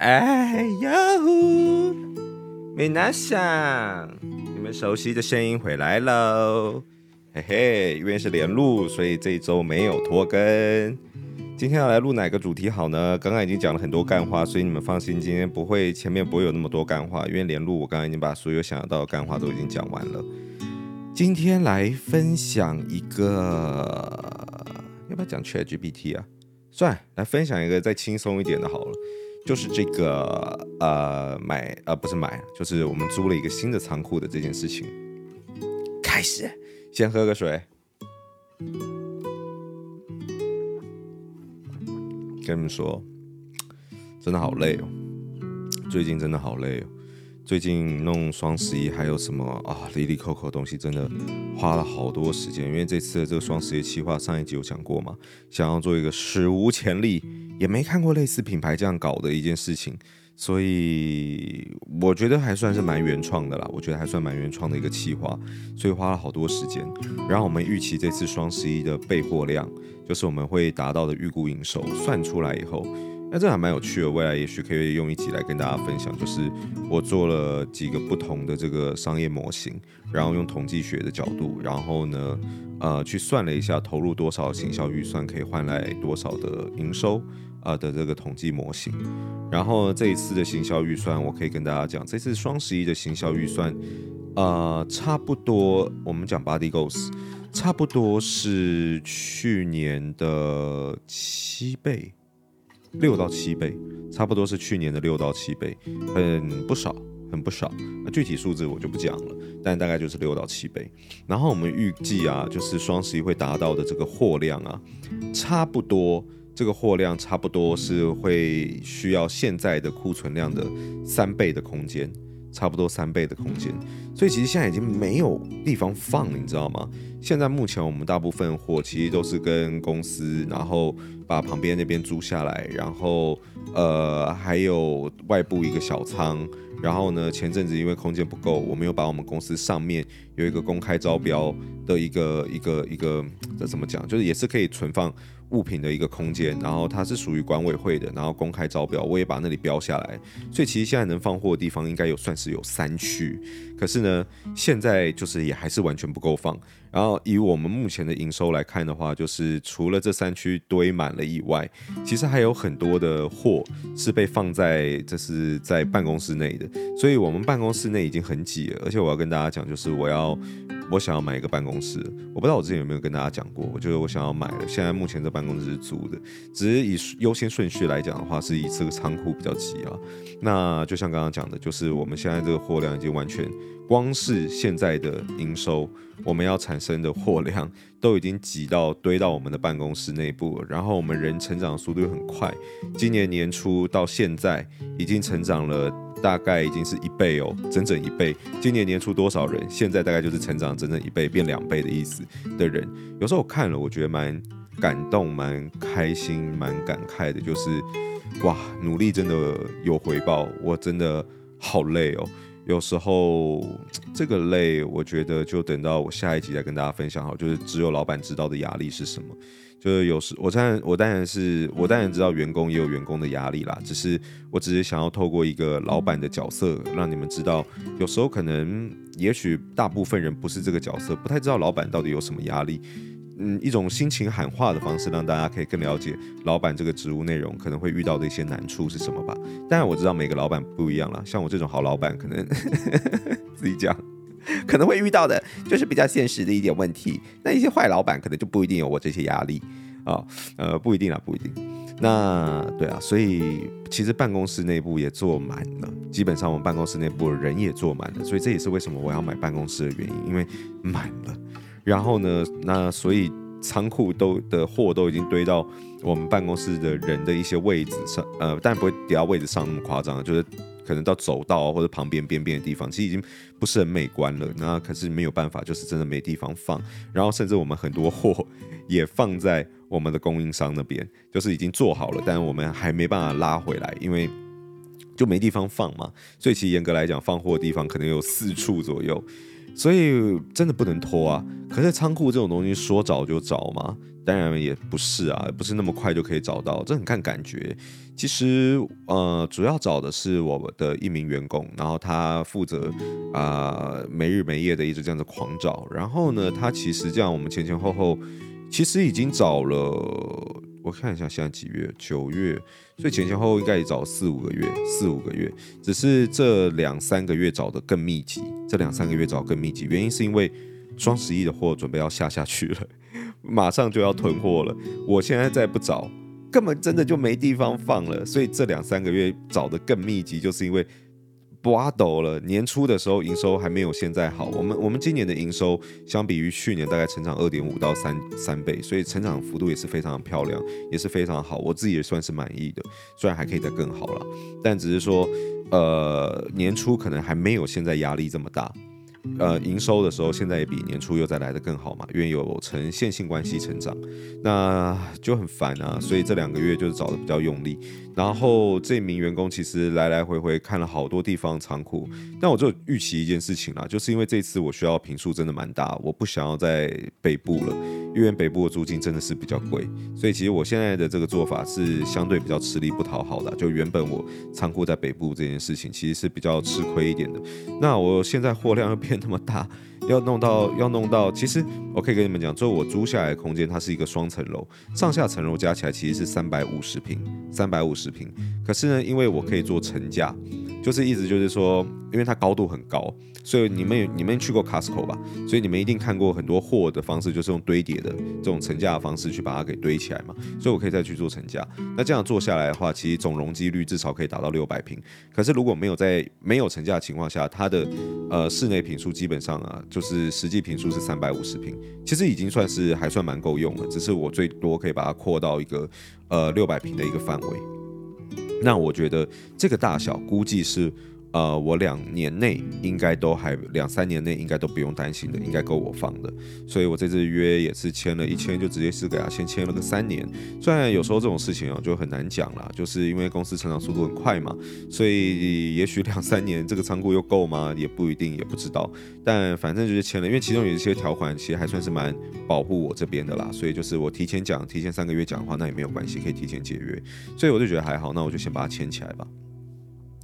哎呦！米娜桑，你們熟悉的聲音回來嘍！嘿嘿，因為是連錄，所以這一周沒有拖更。今天要來錄哪個主題好呢？剛剛已經講了很多乾話，所以你們放心，今天不會前面不會有那麼多乾話。因為連錄，我剛剛已經把所有想要到的乾話都已經講完了。今天來分享一個，要不要講 ChatGPT 啊？算了，來分享一個再輕鬆一點的好了。就是這個呃，買，呃，不是買，就是我們租了一個新的倉庫的這件事情。開始，先喝個水。跟你們說，真的好累哦，最近真的好累哦。最近弄雙十一還有什麼啊？里里扣扣東西真的花了好多時間，因為這次的這個雙十一企劃，上一集有講過嘛，想要做一個史無前例，也沒看過類似品牌這樣搞的一件事情，所以我覺得還算是蠻原創的啦。我覺得還算蠻原創的一個企劃，所以花了好多時間。然後我們預期這次雙十一的備貨量，就是我們會達到的預估營收，算出來以後。那這還蠻有趣的。未來也許可以用一集來跟大家分享，就是我做了幾個不同的這個商業模型，然後用統計學的角度，然後呢，呃，去算了一下投入多少行銷預算可以換來多少的營收，呃的這個統計模型。然後這一次的行銷預算，我可以跟大家講，這次雙十一的行銷預算，呃，差不多，我們講 Body Goals，差不多是去年的七倍。六到七倍，差不多是去年的六到七倍，很不少，很不少。那具體數字我就不講了，但大概就是六到七倍。然後我們預計啊，就是雙十一會達到的這個貨量啊，差不多這個貨量差不多是會需要現在的庫存量的三倍的空間。差不多三倍的空間，所以其實現在已經沒有地方放了，你知道嗎？現在目前我們大部分貨其實都是跟公司，然後把旁邊那邊租下來，然後呃還有外部一個小倉，然後呢前陣子因為空間不夠，我們又把我們公司上面有一個公開招標的一個一個一個，這怎麼講？就是也是可以存放。物品的一個空間，然後它是屬於管委會的，然後公開招標，我也把那裡標下來。所以其實現在能放貨的地方應該有算是有三區，可是呢，現在就是也還是完全不夠放。然後以我們目前的營收來看的話，就是除了這三區堆滿了以外，其實還有很多的貨是被放在就是在辦公室內的，所以我們辦公室內已經很擠了。而且我要跟大家講，就是我要。我想要買一個辦公室，我不知道我之前有沒有跟大家講過，我覺得我想要買了。現在目前這辦公室是租的，只是以優先順序來講的話，是以這個倉庫比較急啊。那就像剛剛講的，就是我們現在這個貨量已經完全，光是現在的營收，我們要產生的貨量都已經擠到堆到我們的辦公室內部了，然後我們人成長速度又很快，今年年初到現在已經成長了。大概已經是一倍哦，整整一倍。今年年初多少人？現在大概就是成長整整一倍，變兩倍的意思的人。有時候我看了，我覺得蠻感動、蠻開心、蠻感慨的，就是哇，努力真的有回報，我真的好累哦。有時候這個累，我覺得就等到我下一集再跟大家分享。好，就是只有老闆知道的壓力是什麼。就是有時我當然，我當然是，我當然知道員工也有員工的壓力啦。只是我只是想要透過一個老闆的角色，讓你們知道，有時候可能也許大部分人不是這個角色，不太知道老闆到底有什麼壓力。嗯，一種心情喊話的方式，讓大家可以更了解老板這個職務內容可能會遇到的一些難處是什麼吧。但我知道每個老板不一樣啦，像我這種好老板，可能 自己講，可能會遇到的就是比較現實的一點問題。那一些壞老板可能就不一定有我這些壓力啊、哦，呃，不一定啊，不一定。那對啊，所以其實辦公室內部也坐滿了，基本上我們辦公室內部人也坐滿了，所以這也是為什麼我要買辦公室的原因，因為滿了。然後呢，那所以倉庫都的貨都已經堆到我們辦公室的人的一些位置上，呃，但不會疊到位置上那麼誇張，就是可能到走道哦，或者旁邊邊邊的地方，其實已經不是很美觀了。那可是沒有辦法，就是真的沒地方放。然後甚至我們很多貨也放在我們的供應商那邊，就是已經做好了，但我們還沒辦法拉回來，因為就沒地方放嘛。所以其實嚴格來講，放貨的地方可能有四處左右。所以真的不能拖啊！可是倉庫這種東西說找就找嗎？當然也不是啊，不是那麼快就可以找到，這很看感覺。其實，呃，主要找的是我的一名員工，然後他負責啊、呃，沒日沒夜的一直這樣子狂找。然後呢，他其實這樣，我們前前後後其實已經找了。我看一下現在幾月，九月，所以前前後後應該也找四五個月，四五個月，只是這兩三個月找得更密集，這兩三個月找得更密集，原因是因為雙十一的貨準備要下下去了，馬上就要囤貨了，我現在再不找，根本真的就沒地方放了，所以這兩三個月找得更密集，就是因為。不阿斗了。年初的時候，營收還沒有現在好。我們我們今年的營收，相比於去年大概成長二點五到三三倍，所以成長幅度也是非常漂亮，也是非常好。我自己也算是滿意的，雖然還可以再更好了，但只是說，呃，年初可能還沒有現在壓力這麼大。呃，營收的時候，現在也比年初又再來得更好嘛，因為有呈線性關係成長，那就很煩啊。所以這兩個月就是找得比較用力。然後這名員工其實來來回回看了好多地方倉庫，但我就預期一件事情啦，就是因為這次我需要坪數真的蠻大，我不想要在北部了，因為北部的租金真的是比較貴，所以其實我現在的這個做法是相對比較吃力不討好的。就原本我倉庫在北部這件事情其實是比較吃虧一點的，那我現在貨量又變那麼大。要弄到要弄到，其實我可以跟你們講，就我租下來的空間，它是一個雙層樓，上下層樓加起來其實是三百五十平，三百五十平。可是呢，因為我可以做層架，就是意思就是說，因為它高度很高。所以你們有你們去過 Costco 吧？所以你們一定看過很多貨的方式，就是用堆疊的這種層架的方式去把它給堆起來嘛。所以我可以再去做層架。那這樣做下來的話，其實總容積率至少可以達到六百平。可是如果沒有在沒有層架的情況下，它的呃室內坪數基本上啊，就是實際坪數是三百五十平，其實已經算是還算蠻夠用了。只是我最多可以把它擴到一個呃六百平的一個範圍。那我覺得這個大小估計是。呃，我兩年內應該都還，兩三年內應該都不用擔心的，應該夠我放的。所以我這次約也是簽了一簽，就直接是給他先簽了個三年。雖然有時候這種事情啊、哦、就很難講啦，就是因為公司成長速度很快嘛，所以也許兩三年這個倉庫又夠嗎？也不一定，也不知道。但反正就是簽了，因為其中有一些條款其實還算是蠻保護我這邊的啦，所以就是我提前講，提前三個月講的話那也沒有關係，可以提前解約。所以我就覺得還好，那我就先把它簽起來吧。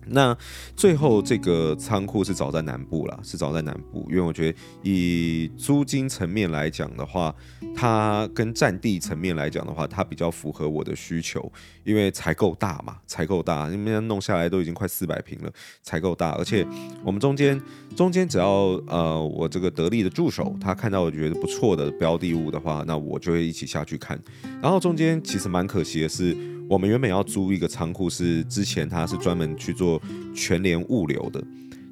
那最後這個倉庫是找在南部啦，是找在南部，因為我覺得以租金層面來講的話，它跟占地層面來講的話，它比較符合我的需求，因為才夠大嘛，才夠大，那邊弄下來都已經快四百平了，才夠大，而且我們中間中間只要呃我這個得力的助手他看到我覺得不錯的標的物的話，那我就會一起下去看，然後中間其實蠻可惜的是。我們原本要租一個倉庫，是之前他是專門去做全聯物流的。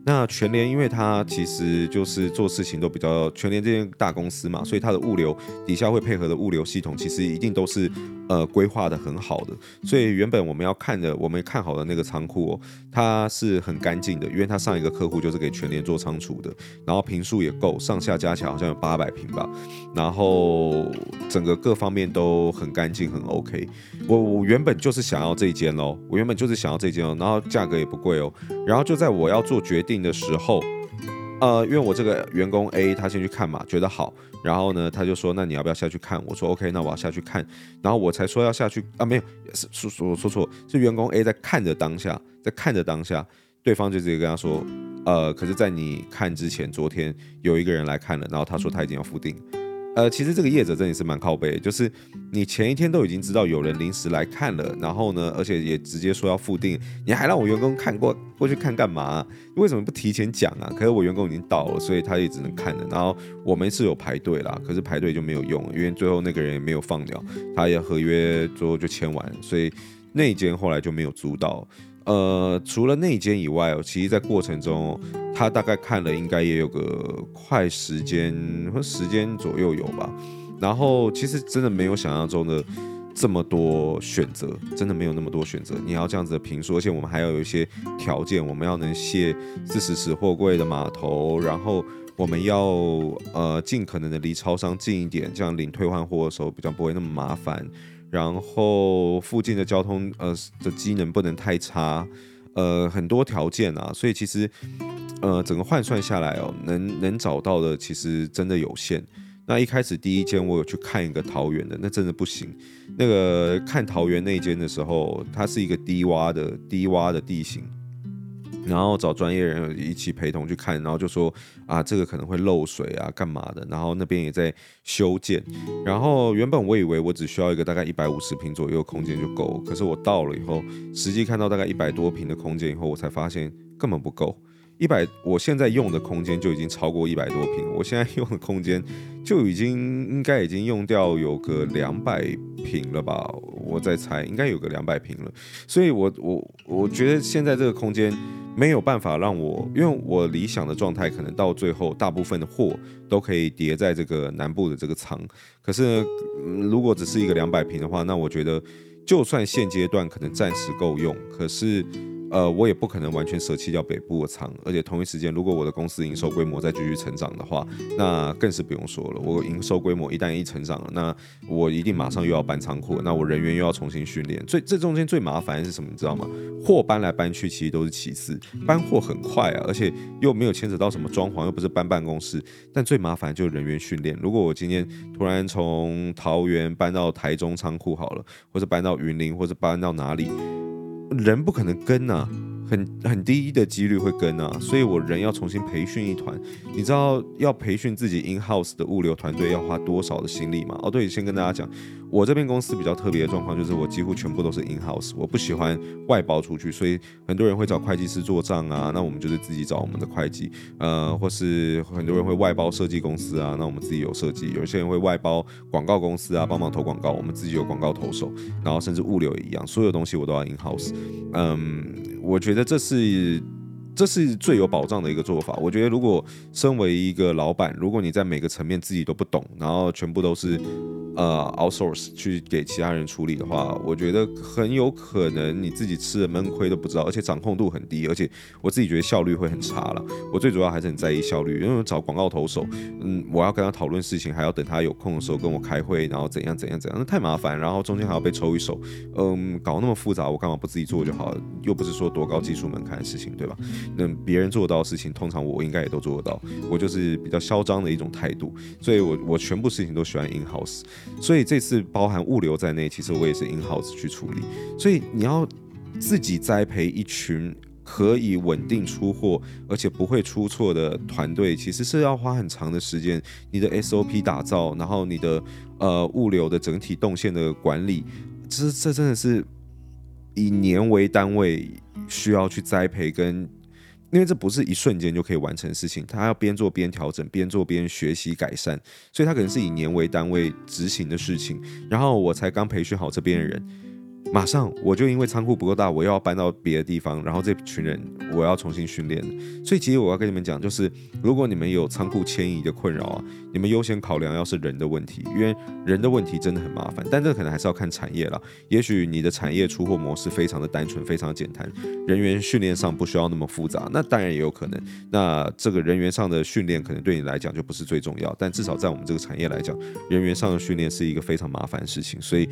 那全聯，因為它其實就是做事情都比較全聯這間大公司嘛，所以它的物流底下會配合的物流系統，其實一定都是呃規劃的很好的。所以原本我們要看的，我們看好的那個倉庫哦，它是很乾淨的，因為他上一個客戶就是給全聯做倉儲的，然後坪數也夠，上下加起來好像有八百平吧，然後整個各方面都很乾淨，很 OK。我我原本就是想要這一間嘍，我原本就是想要這間哦，然後價格也不貴哦，然後就在我要做決定。定的時候，呃，因為我這個員工 A 他先去看嘛，覺得好，然後呢，他就說，那你要不要下去看？我說 OK，那我要下去看，然後我才說要下去啊，沒有，是說說錯，是員工 A 在看着當下，在看着當下，對方就直接跟他說，呃，可是在你看之前，昨天有一個人來看了，然後他說他已經要付訂。呃，其實這個業者真的是蠻靠背，就是你前一天都已經知道有人臨時來看了，然後呢，而且也直接說要付定，你還讓我員工看過過去看幹嘛啊？為什麼不提前講啊？可是我員工已經到了，所以他也只能看了。然後我們是有排隊啦，可是排隊就沒有用，因為最後那個人也沒有放掉，他也合約最後就簽完，所以那一間後來就沒有租到。呃，除了那間以外，哦，其實，在過程中，他大概看了，應該也有個快十間或十間左右有吧。然後，其實真的沒有想象中的這麼多選擇，真的沒有那麼多選擇。你要這樣子的坪數，而且我們還要有一些條件，我們要能卸四十尺貨櫃的碼頭，然後我們要呃盡可能的離超商近一點，這樣領退換貨的時候比較不會那麼麻煩。然後附近的交通呃的機能不能太差，呃很多條件啊，所以其實呃整個換算下來哦，能能找到的其實真的有限。那一開始第一間我有去看一個桃園的，那真的不行。那個看桃園那間的時候，它是一個低洼的低洼的地形。然後找專業人一起陪同去看，然後就說啊，這個可能會漏水啊，幹嘛的，然後那邊也在修建。然後原本我以為我只需要一個大概一百五十平左右的空間就夠，可是我到了以後，實際看到大概一百多平的空間以後，我才發現根本不夠。一百，100，我現在用的空間就已經超過一百多平。我現在用的空間就已經應該已經用掉有個兩百平了吧？我在猜，應該有個兩百平了。所以我，我我我覺得現在這個空間沒有辦法讓我，因為我理想的狀態可能到最後大部分的貨都可以疊在這個南部的這個倉。可是，如果只是一個兩百平的話，那我覺得就算現階段可能暫時夠用，可是。呃，我也不可能完全捨棄掉北部的倉，而且同一時間，如果我的公司營收規模再繼續成長的話，那更是不用說了。我營收規模一旦一成長了，那我一定馬上又要搬倉庫，那我人員又要重新訓練。最這中間最麻煩的是什麼？你知道嗎？貨搬來搬去其實都是其次，搬貨很快啊，而且又沒有牽扯到什麼裝潢，又不是搬辦公室。但最麻煩就是人員訓練。如果我今天突然從桃園搬到台中倉庫好了，或是搬到雲林，或者搬到哪裡。人不可能跟啊。很，很低的幾率會跟啊，所以我人要重新培訓一團，你知道要培訓自己 in house 的物流團隊要花多少的心力嗎？哦，對，先跟大家講，我這邊公司比較特別的狀況就是我幾乎全部都是 in house，我不喜歡外包出去，所以很多人會找會計師做賬啊，那我們就是自己找我們的會計，呃，或是很多人會外包設計公司啊，那我們自己有設計，有些人會外包廣告公司啊，幫忙投廣告，我們自己有廣告投手，然後甚至物流也一樣，所有東西我都要 in house，嗯，我覺得。這是，這是最有保障的一個做法。我覺得，如果身為一個老闆，如果你在每個層面自己都不懂，然後全部都是。呃、uh，outsource 去給其他人處理的話，我覺得很有可能你自己吃的悶虧都不知道，而且掌控度很低，而且我自己覺得效率會很差了。我最主要還是很在意效率，因為找廣告投手，嗯，我要跟他討論事情，還要等他有空的時候跟我開會，然後怎樣怎樣怎樣，那太麻煩。然後中間還要被抽一手，嗯，搞那麼複雜，我幹嘛不自己做就好了？又不是說多高技術門檻的事情，對吧？那別人做得到的事情，通常我應該也都做得到。我就是比較囂張的一種態度，所以我我全部事情都喜歡 in house。所以這次包含物流在內，其實我也是 in house 去處理。所以你要自己栽培一群可以穩定出貨，而且不會出錯的團隊，其實是要花很長的時間。你的 SOP 打造，然後你的呃物流的整體動線的管理，這這真的是以年為單位需要去栽培跟。因為這不是一瞬間就可以完成的事情，他要邊做邊調整，邊做邊學習改善，所以他可能是以年為單位執行的事情。然後我才剛培訓好這邊的人。馬上我就因為倉庫不夠大，我又要搬到別的地方，然後這群人我要重新訓練。所以其實我要跟你們講，就是如果你們有倉庫遷移的困擾啊，你們優先考量要是人的問題，因為人的問題真的很麻煩。但這可能還是要看產業了。也許你的產業出貨模式非常的單純，非常簡單，人員訓練上不需要那麼複雜。那當然也有可能，那這個人員上的訓練可能對你來講就不是最重要。但至少在我們這個產業來講，人員上的訓練是一個非常麻煩的事情，所以。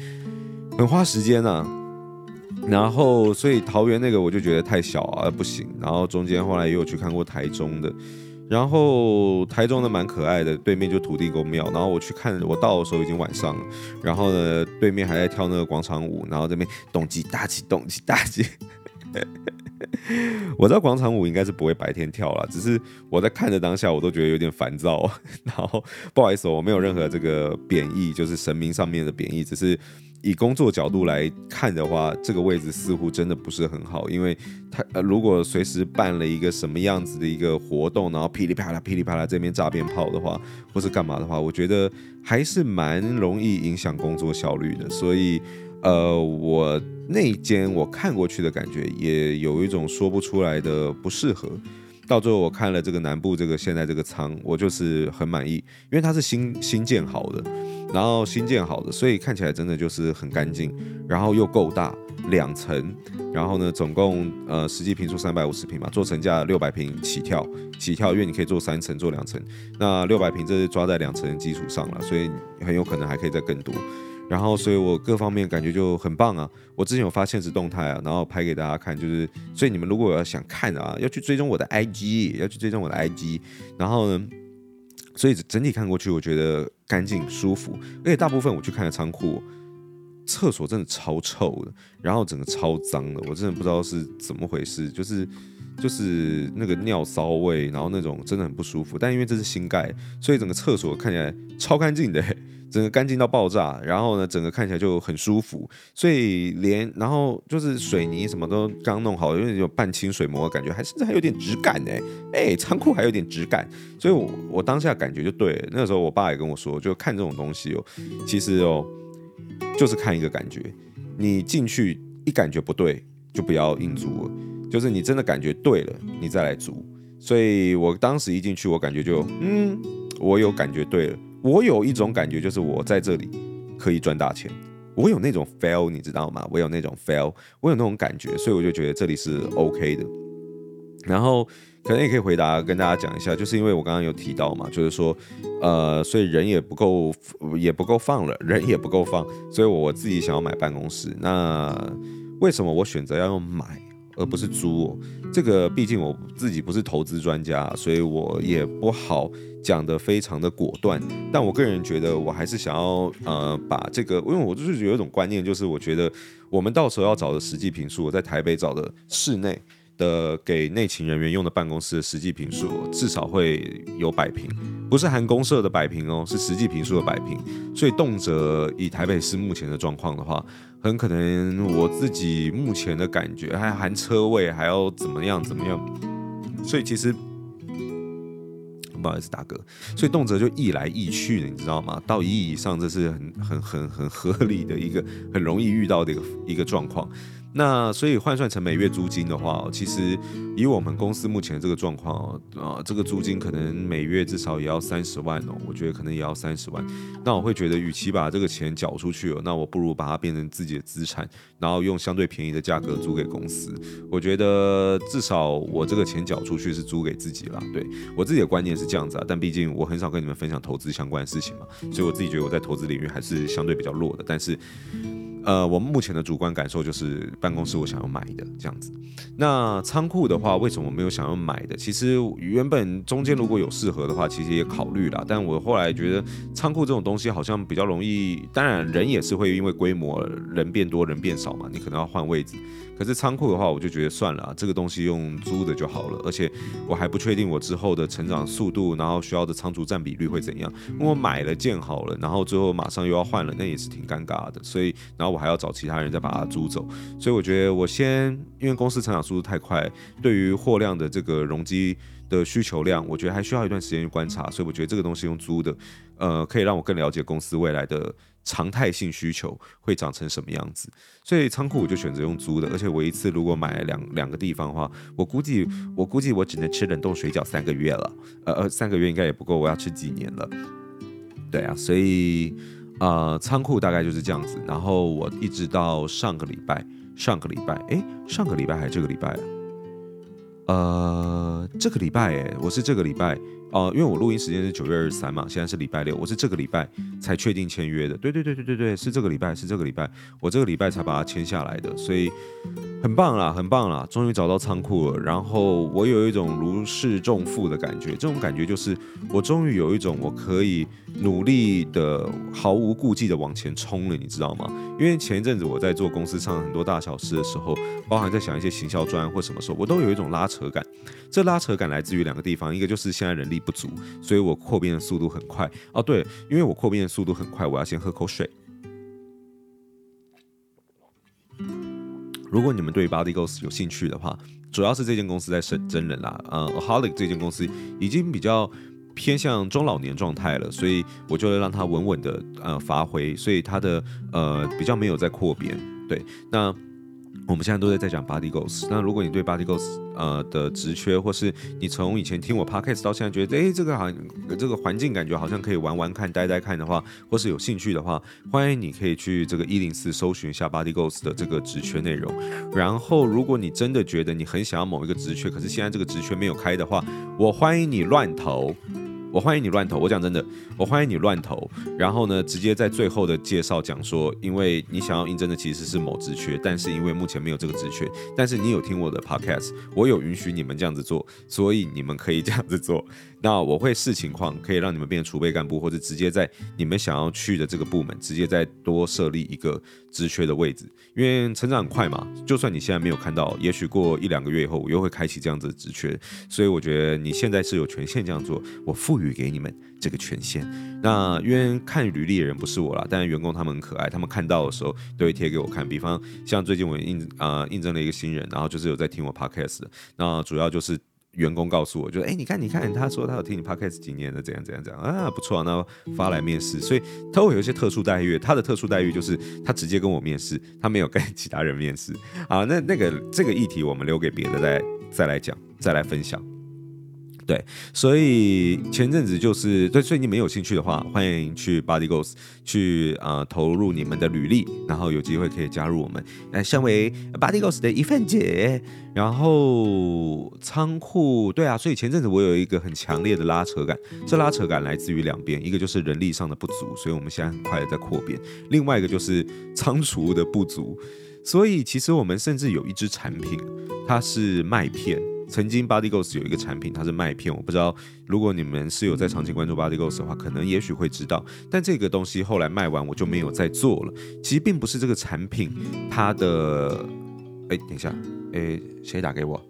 很花時間啊，然後所以桃園那個我就覺得太小啊，不行。然後中間後來也有去看過台中的，然後台中的蠻可愛的，對面就土地公廟。然後我去看，我到的時候已經晚上了。然後呢，對面還在跳那個廣場舞，然後這邊咚嘰噠起，咚嘰噠起。吉吉 我知道廣場舞應該是不會白天跳了，只是我在看的當下，我都覺得有點煩躁。然後不好意思，我沒有任何這個貶義，就是神明上面的貶義，只是。以工作角度來看的話，這個位置似乎真的不是很好，因為他呃，如果隨時辦了一個什麼樣子的一個活動，然後噼里啪啦、噼里啪啦這邊炸鞭炮的話，或是幹嘛的話，我覺得還是蠻容易影響工作效率的。所以呃，我那間我看過去的感覺，也有一種說不出來的不適合。到最後我看了這個南部這個現在這個倉，我就是很滿意，因為它是新新建好的。然後新建好的，所以看起來真的就是很乾淨，然後又夠大，兩層，然後呢，總共呃實際坪數三百五十坪嘛，做成價六百坪起跳，起跳因為你可以做三層，做兩層，那六百坪這是抓在兩層的基礎上了，所以很有可能還可以再更多。然後，所以我各方面感覺就很棒啊。我之前有發限時動態啊，然後拍給大家看，就是，所以你們如果要想看啊，要去追蹤我的 IG，要去追蹤我的 IG，然後呢。所以整體看過去，我覺得乾淨舒服，而且大部分我去看的倉庫，廁所真的超臭的，然後整個超髒的，我真的不知道是怎麼回事，就是就是那個尿騷味，然後那種真的很不舒服。但因為這是新蓋，所以整個廁所看起來超乾淨的。整個乾淨到爆炸，然後呢，整個看起來就很舒服，所以連然後就是水泥什麼都剛弄好，因為有半清水模的感覺，還甚至還有點質感呢，哎，倉庫還有點質感，所以我，我我當下感覺就對了，那時候我爸也跟我說，就看這種東西哦，其實哦，就是看一個感覺，你進去一感覺不對，就不要硬租了，就是你真的感覺對了，你再來租，所以我當時一進去，我感覺就嗯，我有感覺對了。我有一種感覺，就是我在這裡可以賺大錢。我有那種 feel，你知道嗎？我有那種 feel，我有那種感覺，所以我就覺得這裡是 OK 的。然後可能也可以回答跟大家講一下，就是因為我剛剛有提到嘛，就是說，呃，所以人也不夠，也不夠放了，人也不夠放，所以我我自己想要買辦公室。那為什麼我選擇要用買？而不是租哦，這個畢竟我自己不是投資專家，所以我也不好講得非常的果斷。但我個人覺得，我還是想要呃把這個，因為我就是有一種觀念，就是我覺得我們到時候要找的實際坪數，我在台北找的室內。呃，給內勤人員用的辦公室的實際坪數至少會有百坪，不是含公設的百坪哦，是實際坪數的百坪。所以動輒以台北市目前的狀況的話，很可能我自己目前的感覺還含車位，還要怎麼樣怎麼樣。所以其實不好意思大哥，所以動輒就億來億去的，你知道嗎？到一億以上，這是很很很很合理的一個很容易遇到的一個一個狀況。那所以換算成每月租金的話，其實以我們公司目前這個狀況啊，這個租金可能每月至少也要三十萬哦，我覺得可能也要三十萬。那我會覺得，與其把這個錢繳出去哦，那我不如把它變成自己的資產，然後用相對便宜的價格租給公司。我覺得至少我這個錢繳出去是租給自己啦，對我自己的觀念是這樣子啊，但畢竟我很少跟你們分享投資相關的事情嘛，所以我自己覺得我在投資領域還是相對比較弱的，但是。呃，我目前的主觀感受就是辦公室我想要買的這樣子。那倉庫的話，為什麼我沒有想要買的？其實原本中間如果有適合的話，其實也考慮了，但我後來覺得倉庫這種東西好像比較容易，當然人也是會因為規模人變多人變少嘛，你可能要換位置。可是倉庫的話，我就覺得算了啊，這個東西用租的就好了。而且我還不確定我之後的成長速度，然後需要的倉儲佔比率會怎樣。我買了建好了，然後最後馬上又要換了，那也是挺尷尬的。所以然後。我還要找其他人再把它租走，所以我覺得我先，因為公司成長速度太快，對於貨量的這個容積的需求量，我覺得還需要一段時間去觀察，所以我覺得這個東西用租的，呃，可以讓我更了解公司未來的常態性需求會長成什麼樣子。所以倉庫我就選擇用租的，而且我一次如果買兩兩個地方的話，我估計我估計我只能吃冷凍水餃三個月了，呃呃，三個月應該也不夠，我要吃幾年了，對啊，所以。呃，倉庫大概就是這樣子。然後我一直到上個禮拜，上個禮拜，哎、欸，上個禮拜還是這個禮拜啊？呃，這個禮拜、欸，誒，我是這個禮拜。哦、呃，因為我錄音時間是九月二十三嘛，現在是禮拜六，我是這個禮拜才確定簽約的。對對對對對對，是這個禮拜，是這個禮拜，我這個禮拜才把它簽下來的，所以很棒啦，很棒啦，終於找到倉庫了。然後我有一種如釋重負的感覺，這種感覺就是我終於有一種我可以努力的、毫無顧忌的往前衝了，你知道嗎？因為前一陣子我在做公司上很多大小事的時候，包含在想一些行銷專或什麼時候，我都有一種拉扯感。這拉扯感來自於兩個地方，一個就是現在人力不足，所以我擴編的速度很快。哦，對，因為我擴編的速度很快，我要先喝口水。如果你們對 Bodygos 有興趣的話，主要是這間公司在徵人啦，呃，Aholic 這間公司已經比較偏向中老年狀態了，所以我就讓它穩穩的呃發揮，所以它的呃比較沒有在擴編。對，那。我們現在都在在講 Body Ghost。那如果你對 Body Ghost，呃的職缺，或是你從以前聽我 podcast 到現在覺得，誒，這個好像這個環境感覺好像可以玩玩看、待待看的話，或是有興趣的話，歡迎你可以去這個一零四搜尋一下 Body Ghost 的這個職缺內容。然後，如果你真的覺得你很想要某一個職缺，可是現在這個職缺沒有開的話，我歡迎你亂投。我歡迎你亂投，我講真的，我歡迎你亂投。然後呢，直接在最後的介紹講說，因為你想要應徵的其實是某職缺，但是因為目前沒有這個職缺，但是你有聽我的 podcast，我有允許你們這樣子做，所以你們可以這樣子做。那我會視情況可以讓你們變成儲備幹部，或者直接在你們想要去的這個部門直接再多設立一個職缺的位置，因為成長很快嘛，就算你現在沒有看到，也許過一兩個月以後我又會開啟這樣子的職缺，所以我覺得你現在是有權限這樣做，我賦予給你們這個權限。那因為看履歷的人不是我啦，但是員工他們很可愛，他們看到的時候都會貼給我看。比方像最近我印啊、呃、印證了一個新人，然後就是有在聽我 podcast 的，那主要就是。員工告訴我，就哎、欸，你看，你看，他說他有聽你 Podcast 幾年了，怎樣怎樣怎樣啊，不錯，那發來面試，所以他會有一些特殊待遇。他的特殊待遇就是他直接跟我面試，他沒有跟其他人面試啊。那那個這個議題，我們留給別的再再來講，再來分享。對，所以前陣子就是，對，所以你們有興趣的話，歡迎去 Body Ghost 去啊、呃，投入你們的履歷，然後有機會可以加入我們。那身為 Body Ghost 的一份子，然後倉庫，對啊，所以前陣子我有一個很強烈的拉扯感，這拉扯感來自於兩邊，一個就是人力上的不足，所以我們現在很快的在擴編，另外一個就是倉儲的不足，所以其實我們甚至有一支產品，它是麥片。曾經 Bodygos 有一個產品，它是麥片。我不知道，如果你們是有在長期關注 Bodygos 的話，可能也許會知道。但這個東西後來賣完，我就沒有再做了。其實並不是這個產品，它的……哎，等一下，哎，誰打給我？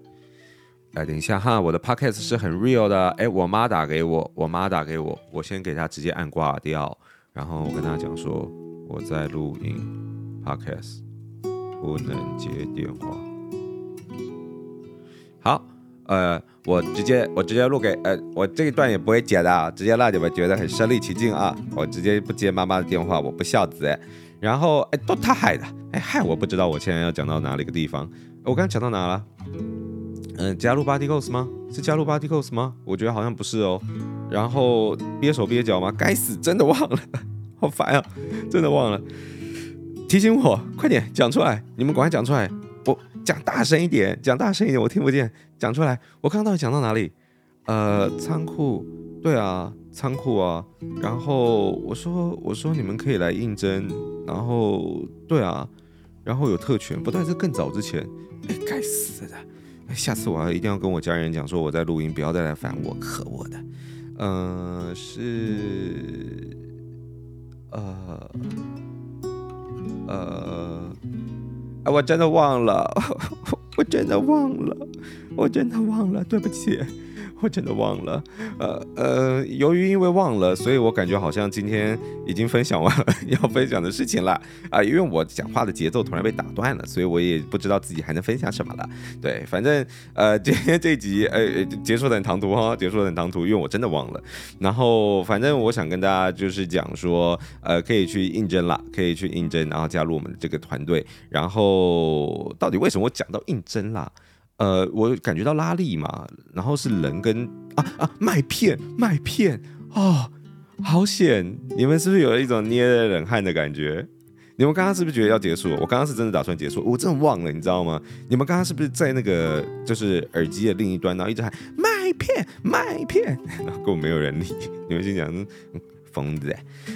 哎，等一下哈，我的 Podcast 是很 real 的。哎，我媽打給我，我媽打給我，我先給她直接按掛掉，然後我跟她講說我在錄音 Podcast，不能接電話。好。呃，我直接我直接錄給呃，我這一段也不會剪的，啊，直接錄下吧，覺得很身臨其境啊。我直接不接媽媽的電話，我不孝子誒。然後誒，都他害的，誒，害我不知道我現在要講到哪裡個地方，哦、我剛剛講到哪了？嗯、呃，加入 Body g o s 嗎？是加入 Body g o s 嗎？我覺得好像不是哦。然後憋手憋腳嗎？該死，真的忘了，好煩啊，真的忘了。提醒我，快點講出來，你們趕快講出來，我講大聲一點，講大聲一點，我聽不見。講出來，我剛剛到底講到哪裡？呃，倉庫，對啊，倉庫啊。然後我說，我說你們可以來應徵。然後，對啊，然後有特權，不但是在更早之前。哎，該死的！下次我要一定要跟我家人講說我在錄音，不要再來煩我。可惡的。呃，是，呃，呃，我真的忘了，我真的忘了。我真的忘了，對不起，我真的忘了。呃呃，由於因為忘了，所以我感覺好像今天已經分享完了要分享的事情了啊，呃，因為我講話的節奏突然被打斷了，所以我也不知道自己還能分享什麼了。對，反正呃，今天這集呃結束的很唐突哈，哦，結束的很唐突，因為我真的忘了。然後反正我想跟大家就是講說，呃，可以去應徵了，可以去應徵，然後加入我們的這個團隊。然後到底為什麼我講到應徵了？呃，我感覺到拉力嘛，然後是人跟啊啊麥片麥片哦，好險！你們是不是有一種捏着冷汗的感覺？你們剛剛是不是覺得要結束？我剛剛是真的打算結束，我真的忘了，你知道嗎？你們剛剛是不是在那個就是耳機的另一端，然後一直喊麥片麥片，然後根本沒有人理，你們心想嗯，瘋子，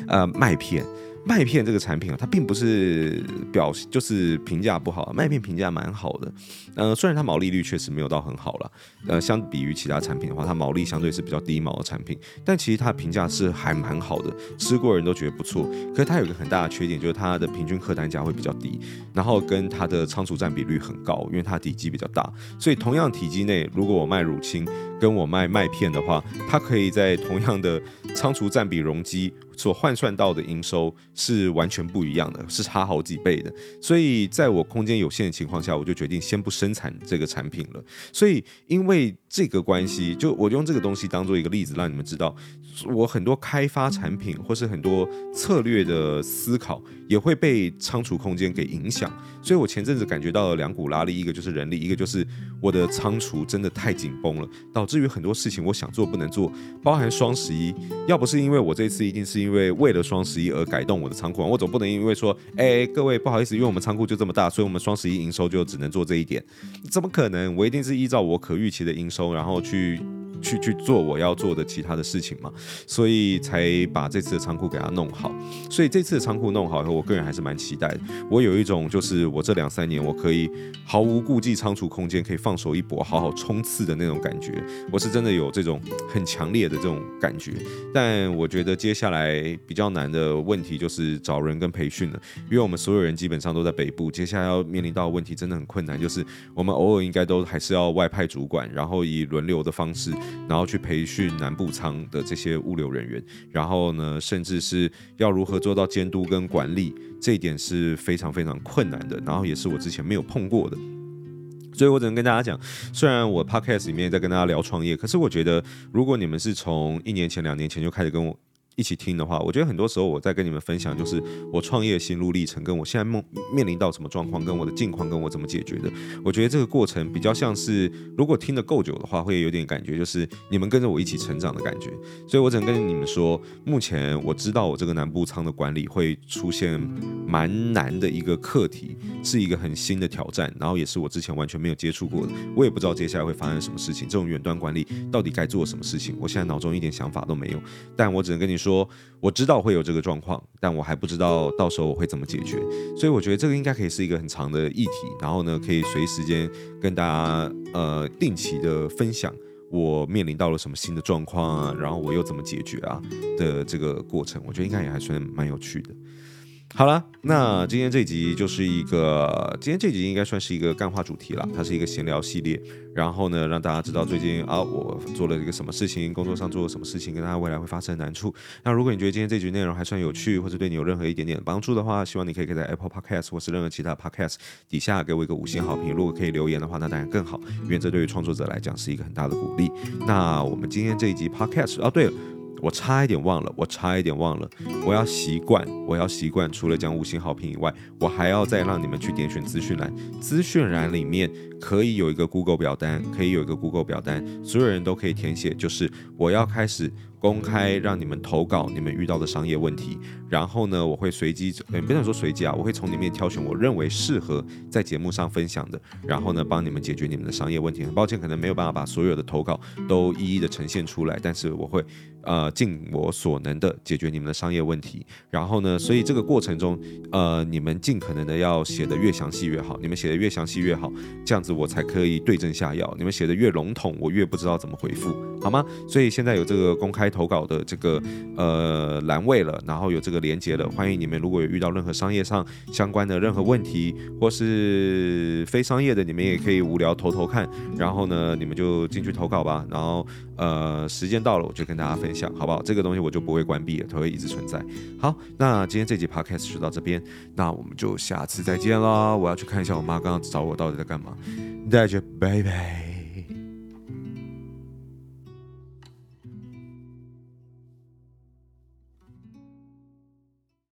呃麥片。麥片這個產品啊，它並不是表示就是評價不好，啊，麥片評價蠻好的。嗯、呃，雖然它毛利率確實沒有到很好了，呃，相比於其他產品的話，它毛利相對是比較低毛的產品，但其實它的評價是還蠻好的，吃過的人都覺得不錯。可是它有一個很大的缺點，就是它的平均客單價會比較低，然後跟它的倉儲占比率很高，因為它體積比較大，所以同樣體積內，如果我賣乳清跟我賣麥片的話，它可以在同樣的倉儲佔比容積所換算到的營收是完全不一樣的，是差好幾倍的。所以在我空間有限的情況下，我就決定先不生產這個產品了。所以因為這個關係，就我用這個東西當做一個例子，讓你們知道我很多開發產品或是很多策略的思考，也會被倉儲空間給影響，所以我前陣子感覺到了兩股拉力，一個就是人力，一個就是我的倉儲真的太緊繃了，導致於很多事情我想做不能做，包含雙十一。要不是因為我這次一定是因為為了雙十一而改動我的倉庫，我總不能因為說，哎、欸，各位不好意思，因為我們倉庫就這麼大，所以我們雙十一營收就只能做這一點，怎麼可能？我一定是依照我可預期的營收，然後去。去去做我要做的其他的事情嘛，所以才把這次的倉庫給它弄好。所以這次的倉庫弄好以後，我個人還是蠻期待的。我有一種就是我這兩三年我可以毫無顧忌倉儲空間可以放手一搏好好衝刺的那種感覺。我是真的有這種很強烈的這種感覺。但我覺得接下來比較難的問題就是找人跟培訓了，因為我們所有人基本上都在北部，接下來要面臨到的問題真的很困難，就是我們偶爾應該都還是要外派主管，然後以輪流的方式。然後去培訓南部倉的這些物流人員，然後呢，甚至是要如何做到監督跟管理，這一點是非常非常困難的，然後也是我之前沒有碰過的，所以我只能跟大家講，雖然我 Podcast 裡面在跟大家聊創業，可是我覺得如果你們是從一年前，兩年前就開始跟我。一起聽的話，我覺得很多時候我在跟你們分享，就是我創業心路歷程，跟我現在面面臨到什麼狀況，跟我的境況，跟我怎麼解決的。我覺得這個過程比較像是，如果聽得夠久的話，會有點感覺，就是你們跟着我一起成長的感覺。所以我只能跟你們說，目前我知道我這個南部倉的管理會出現蠻難的一個課題，是一個很新的挑戰，然後也是我之前完全沒有接觸過的，我也不知道接下來會發生什麼事情，這種遠端管理到底該做什麼事情，我現在腦中一點想法都沒有。但我只能跟你說。說我知道會有這個狀況，但我還不知道到時候我會怎麼解決。所以我覺得這個應該可以是一個很長的議題，然後呢，可以隨時間跟大家，呃，定期的分享我面臨到了什麼新的狀況啊，然後我又怎麼解決啊的這個過程，我覺得應該也還算蠻有趣的。好了，那今天這集就是一個，今天這集應該算是一個幹話主題了，它是一個閒聊系列。然後呢，讓大家知道最近啊，我做了一個什麼事情，工作上做了什麼事情，跟大家未來會發生難處。那如果你覺得今天這集內容還算有趣，或者對你有任何一點點幫助的話，希望你可以在 Apple Podcast 或是任何其他 Podcast 底下給我一個五星好評。如果可以留言的話，那當然更好，因為這對於創作者來講是一個很大的鼓勵。那我們今天這一集 Podcast，哦、啊、對了。我差一點忘了，我差一點忘了，我要習慣，我要習慣。除了講五星好評以外，我還要再讓你們去點選資訊欄，資訊欄裡面可以有一個 Google 表單，可以有一個 Google 表單，所有人都可以填寫。就是我要開始。公開讓你們投稿你們遇到的商業問題，然後呢，我會隨機誒，不想說隨機啊，我會從裡面挑選我認為適合在節目上分享的，然後呢，幫你們解決你們的商業問題。很抱歉，可能沒有辦法把所有的投稿都一一的呈現出來，但是我會呃盡我所能的解決你們的商業問題。然後呢，所以這個過程中呃，你們盡可能的要寫得越詳細越好，你們寫得越詳細越好，這樣子我才可以對症下藥。你們寫得越籠統，我越不知道怎麼回復，好嗎？所以現在有這個公開。投稿的這個呃欄位了，然後有這個連接了，歡迎你們如果有遇到任何商業上相關的任何問題或是非商業的，你們也可以無聊投投看，然後呢，你們就進去投稿吧。然後呃，時間到了，我就跟大家分享，好不好？這個東西我就不會關閉了，它會一直存在。好，那今天這集 podcast 就到這邊，那我們就下次再見了。我要去看一下我媽剛剛找我到底在幹嘛。大家拜拜。